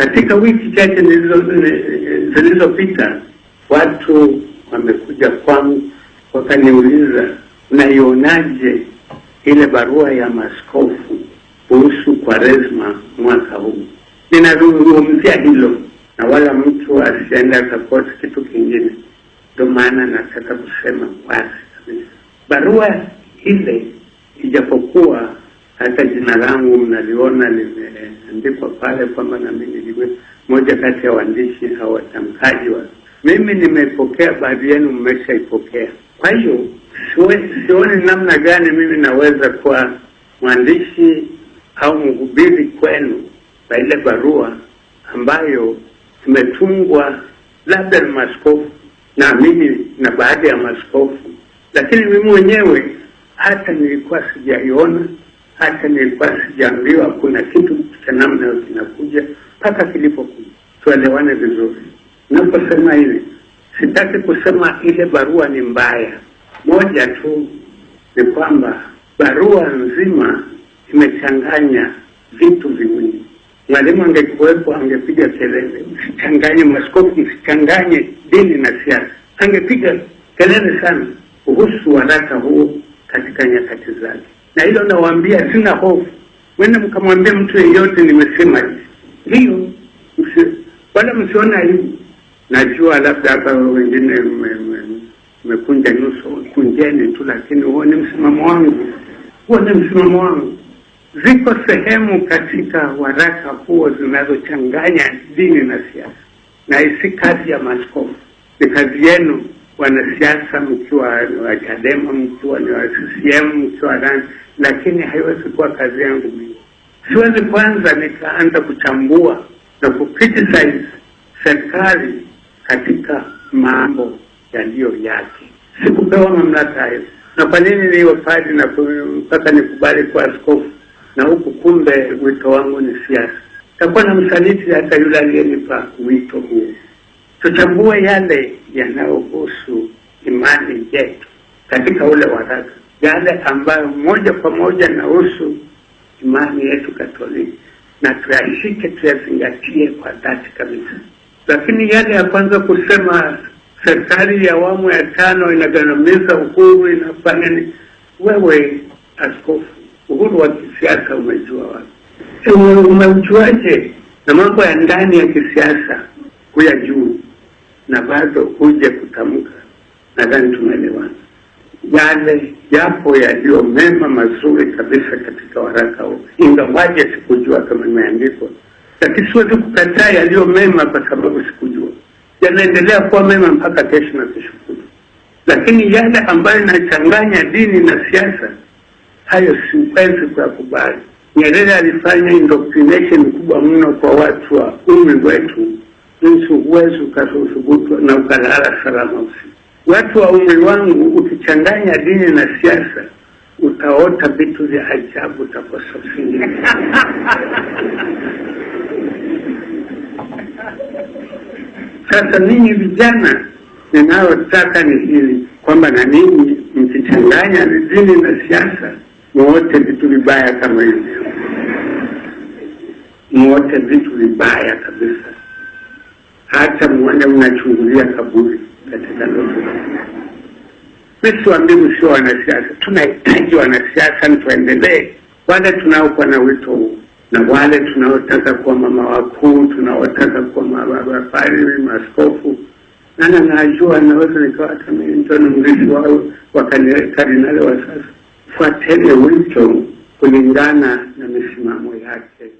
Katika wiki chache zilizopita watu wamekuja kwangu wakaniuliza, unaionaje ile barua ya maskofu kuhusu kwa resma mwaka huu? Ninazungumzia hilo na wala mtu asienda akakosa kitu kingine. ndo maana nataka kusema wazi kabisa, barua ile ijapokuwa hata jina langu mnaliona limeandikwa pale kwamba nami nilikuwa moja kati ya waandishi au watamkaji wa mimi. Nimepokea baadhi yenu mmeshaipokea, kwa hiyo sioni namna gani mimi naweza kuwa mwandishi au mhubiri kwenu na ile barua ambayo imetungwa labda na maskofu, naamini na baadhi ya maskofu, lakini mimi mwenyewe hata nilikuwa sijaiona hata nilikuwa sijaambiwa kuna kitu cha namna kinakuja, mpaka kilipokuja tuelewane vizuri. Naposema hivi, sitaki kusema ile barua ni mbaya. Moja tu ni kwamba barua nzima imechanganya vitu viwili. Mwalimu angekuwepo angepiga kelele, msichanganye maskofu, msichanganye dini na siasa. Angepiga kelele sana kuhusu waraka huo katika nyakati zake na hilo nawaambia, sina hofu. Wenda mkamwambia mtu yeyote nimesema hiyo, wala msiona aibu. Najua labda hapa wengine mmekunja nyuso, kunjeni tu, lakini huo ni msimamo wangu, huo ni msimamo wangu. Ziko sehemu katika waraka huo zinazochanganya dini na siasa, na isi kazi ya maskofu ni kazi yenu wanasiasa, mkiwa ni wa Chadema, mkiwa ni wa CCM, mkiwa nani, lakini haiwezi kuwa kazi yangu mimi. Siwezi kwanza nikaanza kuchambua na kucriticize serikali katika mambo yaliyo yake. Sikupewa mamlaka hayo, na kwa nini niwe padri na mpaka nikubali kuwa askofu, na huku kumbe wito wangu ni siasa? Takuwa na msaliti hata yule aliyenipa wito huo tutambue yale yanayohusu imani yetu katika ule waraka, yale ambayo moja kwa moja yanahusu imani yetu Katoliki, na tuyashike, tuyazingatie kwa dhati kabisa. Lakini yale ya kwanza kusema serikali ya awamu ya tano inagandamiza uhuru, inafanya wewe askofu, uhuru wa kisiasa umejua wapi? E, umeujuaje? na mambo ya ndani ya kisiasa kuyajua ambazo huja kutamka, nadhani tumeelewana yale yapo yaliyo mema mazuri kabisa katika waraka huu, ingawaje sikujua kama imeandikwa, lakini siwezi kukataa yaliyo mema kwa sababu sikujua. Yanaendelea kuwa mema mpaka kesho na kushukuru, lakini yale ambayo inachanganya dini na siasa, hayo siwezi kuyakubali. Nyerere alifanya indoctrination kubwa mno kwa watu wa umri wetu uwezi ukathubutu na ukalala salama usiku. Watu wa umri wangu, ukichanganya dini na siasa utaota vitu vya ajabu, utakosa usingizi. Sasa ninyi vijana, ninayotaka ni hili kwamba na ninyi mkichanganya dini na siasa, muote vitu vibaya kama hivyo, muote vitu vibaya kabisa hata muende mnachungulia kaburi katika ndoto. Mimi siwaambii msio wanasiasa, tunahitaji wanasiasa tuendelee, wale tunaokuwa na wito huu na wale tunaotaka kuwa mama wakuu, tunaotaka kuwa mababafari, maskofu nana, najua naweza nikawa hata mimi ndio ni mrithi wao wa kardinali wa sasa. Fuateni wito kulingana na misimamo yake.